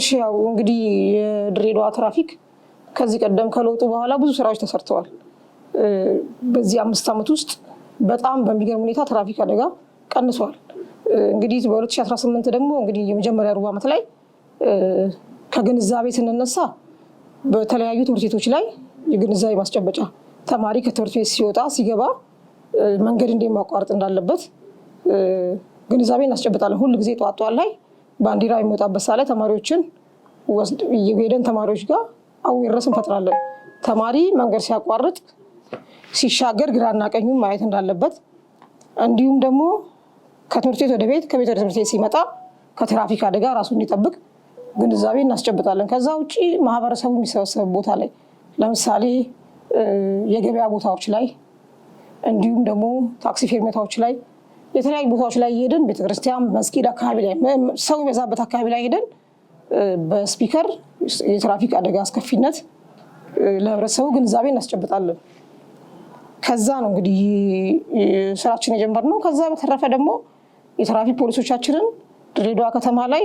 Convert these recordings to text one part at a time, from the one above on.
እሺ ያው እንግዲህ የድሬዳዋ ትራፊክ ከዚህ ቀደም ከለውጡ በኋላ ብዙ ስራዎች ተሰርተዋል። በዚህ አምስት ዓመት ውስጥ በጣም በሚገርም ሁኔታ ትራፊክ አደጋ ቀንሷል። እንግዲህ በ2018 ደግሞ እንግዲህ የመጀመሪያ ሩብ ዓመት ላይ ከግንዛቤ ስንነሳ በተለያዩ ትምህርት ቤቶች ላይ የግንዛቤ ማስጨበጫ ተማሪ ከትምህርት ቤት ሲወጣ ሲገባ መንገድ እንዴት ማቋረጥ እንዳለበት ግንዛቤ እናስጨብጣለን። ሁል ጊዜ ጠዋት ጠዋት ላይ ባንዲራ የሚወጣበት ሳለ ተማሪዎችን ሄደን ተማሪዎች ጋር አዌረስ እንፈጥራለን። ተማሪ መንገድ ሲያቋርጥ ሲሻገር ግራና ቀኙን ማየት እንዳለበት እንዲሁም ደግሞ ከትምህርት ቤት ወደ ቤት ከቤት ወደ ትምህርት ቤት ሲመጣ ከትራፊክ አደጋ ራሱን እንዲጠብቅ ግንዛቤ እናስጨብጣለን። ከዛ ውጭ ማህበረሰቡ የሚሰበሰብ ቦታ ላይ ለምሳሌ የገበያ ቦታዎች ላይ እንዲሁም ደግሞ ታክሲ ፌርሜታዎች ላይ የተለያዩ ቦታዎች ላይ ሄደን ቤተክርስቲያን፣ መስጊድ አካባቢ ላይ ሰው የበዛበት አካባቢ ላይ ሄደን በስፒከር የትራፊክ አደጋ አስከፊነት ለህብረተሰቡ ግንዛቤ እናስጨብጣለን። ከዛ ነው እንግዲህ ስራችን የጀመርነው። ከዛ በተረፈ ደግሞ የትራፊክ ፖሊሶቻችንን ድሬዳዋ ከተማ ላይ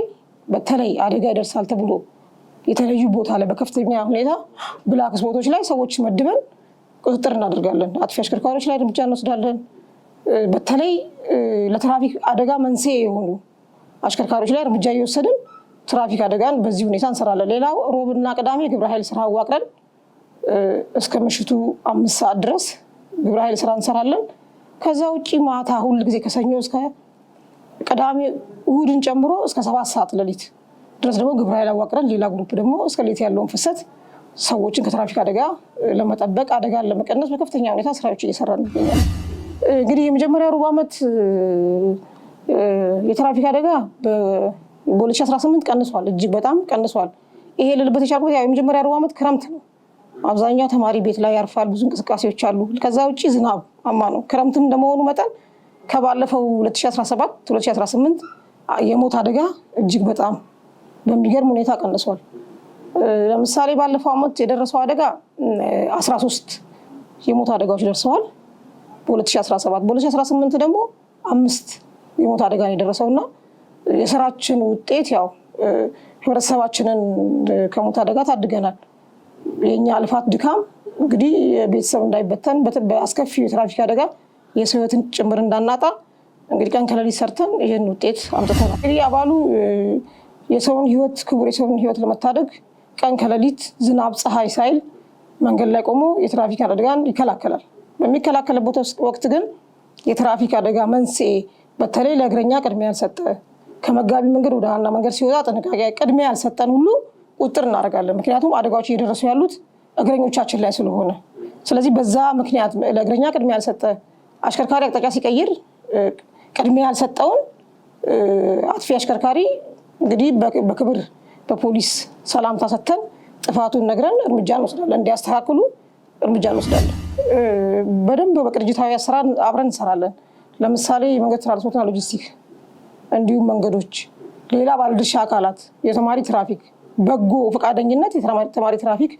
በተለይ አደጋ ይደርሳል ተብሎ የተለዩ ቦታ ላይ በከፍተኛ ሁኔታ ብላክ ስፖቶች ላይ ሰዎች መድበን ቁጥጥር እናደርጋለን። አጥፊ አሽከርካሪዎች ላይ እርምጃ እንወስዳለን። በተለይ ለትራፊክ አደጋ መንስኤ የሆኑ አሽከርካሪዎች ላይ እርምጃ እየወሰድን ትራፊክ አደጋን በዚህ ሁኔታ እንሰራለን። ሌላው ሮብና ቅዳሜ ግብረ ኃይል ስራ አዋቅረን እስከ ምሽቱ አምስት ሰዓት ድረስ ግብረ ኃይል ስራ እንሰራለን። ከዛ ውጭ ማታ ሁል ጊዜ ከሰኞ እስከ ቅዳሜ እሁድን ጨምሮ እስከ ሰባት ሰዓት ሌሊት ድረስ ደግሞ ግብረ ኃይል አዋቅረን ሌላ ግሩፕ ደግሞ እስከ ሌት ያለውን ፍሰት ሰዎችን ከትራፊክ አደጋ ለመጠበቅ አደጋን ለመቀነስ በከፍተኛ ሁኔታ ስራዎች እየሰራን እንገኛለን። እንግዲህ የመጀመሪያ ሩብ ዓመት የትራፊክ አደጋ በ2018 ቀንሷል፣ እጅግ በጣም ቀንሷል። ይሄ ልልበት የቻልኩት ያው የመጀመሪያ ሩብ ዓመት ክረምት ነው። አብዛኛው ተማሪ ቤት ላይ ያርፋል፣ ብዙ እንቅስቃሴዎች አሉ። ከዛ ውጭ ዝናብ አማ ነው። ክረምትም እንደመሆኑ መጠን ከባለፈው 2017 2018 የሞት አደጋ እጅግ በጣም በሚገርም ሁኔታ ቀንሷል። ለምሳሌ ባለፈው ዓመት የደረሰው አደጋ 13 የሞት አደጋዎች ደርሰዋል። በ2017 በ2018 ደግሞ አምስት የሞት አደጋ የደረሰው እና የስራችን ውጤት ያው ህብረተሰባችንን ከሞት አደጋ ታድገናል። የኛ አልፋት ድካም እንግዲህ ቤተሰብ እንዳይበተን በአስከፊ የትራፊክ አደጋ የሰው ህይወትን ጭምር እንዳናጣ እንግዲህ ቀን ከሌሊት ሰርተን ይህን ውጤት አምጥተናል። እንግዲህ አባሉ የሰውን ህይወት ክቡር የሰውን ህይወት ለመታደግ ቀን ከሌሊት ዝናብ፣ ፀሐይ ሳይል መንገድ ላይ ቆሞ የትራፊክ አደጋን ይከላከላል። በሚከላከልበት ወቅት ግን የትራፊክ አደጋ መንስኤ በተለይ ለእግረኛ ቅድሚያ ያልሰጠ ከመጋቢ መንገድ ወደ ዋና መንገድ ሲወጣ ጥንቃቄ ቅድሚያ ያልሰጠን ሁሉ ቁጥር እናደርጋለን። ምክንያቱም አደጋዎች እየደረሱ ያሉት እግረኞቻችን ላይ ስለሆነ፣ ስለዚህ በዛ ምክንያት ለእግረኛ ቅድሚያ ያልሰጠ አሽከርካሪ አቅጣጫ ሲቀይር ቅድሚያ ያልሰጠውን አጥፊ አሽከርካሪ እንግዲህ በክብር በፖሊስ ሰላምታ ሰጥተን ጥፋቱን ነግረን እርምጃ እንወስዳለን እንዲያስተካክሉ እርምጃ እንወስዳለን። በደንብ በቅርጅታዊ ስራ አብረን እንሰራለን። ለምሳሌ የመንገድ ትራንስፖርትና ሎጂስቲክ እንዲሁም መንገዶች፣ ሌላ ባለድርሻ አካላት፣ የተማሪ ትራፊክ በጎ ፈቃደኝነት የተማሪ ትራፊክ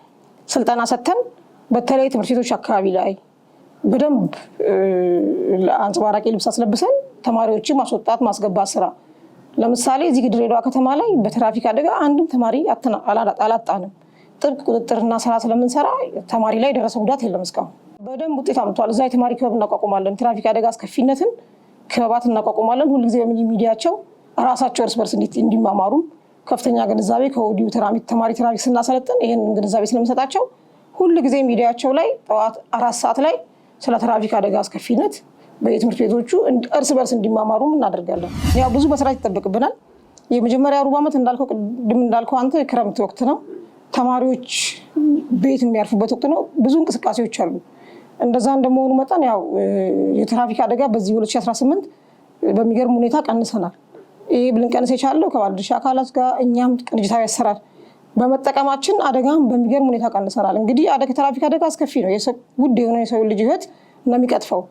ስልጠና ሰጥተን በተለይ ትምህርት ቤቶች አካባቢ ላይ በደንብ አንጸባራቂ ልብስ አስለብሰን ተማሪዎችን ማስወጣት ማስገባት ስራ ለምሳሌ እዚህ ድሬዳዋ ከተማ ላይ በትራፊክ አደጋ አንድም ተማሪ አላጣንም። ጥብቅ ቁጥጥርና ስራ ስለምንሰራ ተማሪ ላይ የደረሰ ጉዳት የለም። እስካሁን በደንብ ውጤት አምጥቷል። እዛ የተማሪ ክበብ እናቋቁማለን፣ ትራፊክ አደጋ አስከፊነትን ክበባት እናቋቁማለን። ሁልጊዜ ሚዲያቸው ራሳቸው እርስ በርስ እንዴት እንዲማማሩም ከፍተኛ ግንዛቤ ከወዲሁ ተማሪ ትራፊክ ስናሰለጥን ይህን ግንዛቤ ስለምንሰጣቸው ጊዜ ሚዲያቸው ላይ ጠዋት አራት ሰዓት ላይ ስለ ትራፊክ አደጋ አስከፊነት በየትምህርት ቤቶቹ እርስ በርስ እንዲማማሩም እናደርጋለን። ያው ብዙ መስራት ይጠበቅብናል። የመጀመሪያ ሩብ ዓመት እንዳልከው ቅድም እንዳልከው አንተ የክረምት ወቅት ነው። ተማሪዎች ቤት የሚያርፉበት ወቅት ነው። ብዙ እንቅስቃሴዎች አሉ። እንደዛ እንደመሆኑ መጠን ያው የትራፊክ አደጋ በዚህ 2018 በሚገርም ሁኔታ ቀንሰናል። ይሄ ብልን ቀንስ የቻለው ከባለድርሻ አካላት ጋር እኛም ቅንጅታዊ ያሰራል በመጠቀማችን አደጋም በሚገርም ሁኔታ ቀንሰናል። እንግዲህ ትራፊክ አደጋ አስከፊ ነው። ውድ የሆነ የሰው ልጅ ሕይወት ነው የሚቀጥፈው።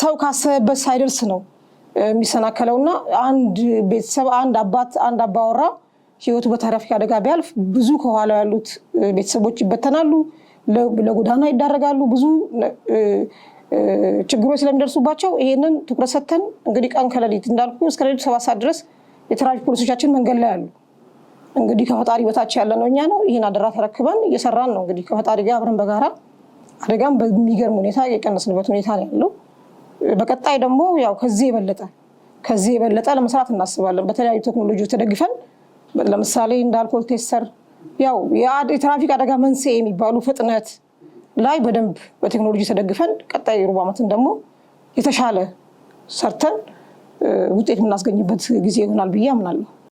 ሰው ካሰበበት ሳይደርስ ነው የሚሰናከለው እና አንድ ቤተሰብ አንድ አባት አንድ አባወራ ህይወቱ በተረፊ አደጋ ቢያልፍ ብዙ ከኋላ ያሉት ቤተሰቦች ይበተናሉ፣ ለጎዳና ይዳረጋሉ፣ ብዙ ችግሮች ስለሚደርሱባቸው ይሄንን ትኩረት ሰጥተን እንግዲህ ቀን ከሌሊት እንዳልኩ እስከ ሌሊቱ ሰባት ሰዓት ድረስ የትራፊክ ፖሊሶቻችን መንገድ ላይ አሉ። እንግዲህ ከፈጣሪ በታች ያለ ነው እኛ ነው። ይህን አደራ ተረክበን እየሰራን ነው። እንግዲህ ከፈጣሪ ጋር አብረን በጋራ አደጋም በሚገርም ሁኔታ የቀነስንበት ሁኔታ ነው ያለው። በቀጣይ ደግሞ ያው ከዚህ የበለጠ ከዚህ የበለጠ ለመስራት እናስባለን። በተለያዩ ቴክኖሎጂዎች ተደግፈን ለምሳሌ እንደ አልኮል ቴስተር ያው የትራፊክ አደጋ መንስኤ የሚባሉ ፍጥነት ላይ በደንብ በቴክኖሎጂ ተደግፈን ቀጣይ ሩብ ዓመትን ደግሞ የተሻለ ሰርተን ውጤት የምናስገኝበት ጊዜ ይሆናል ብዬ አምናለሁ።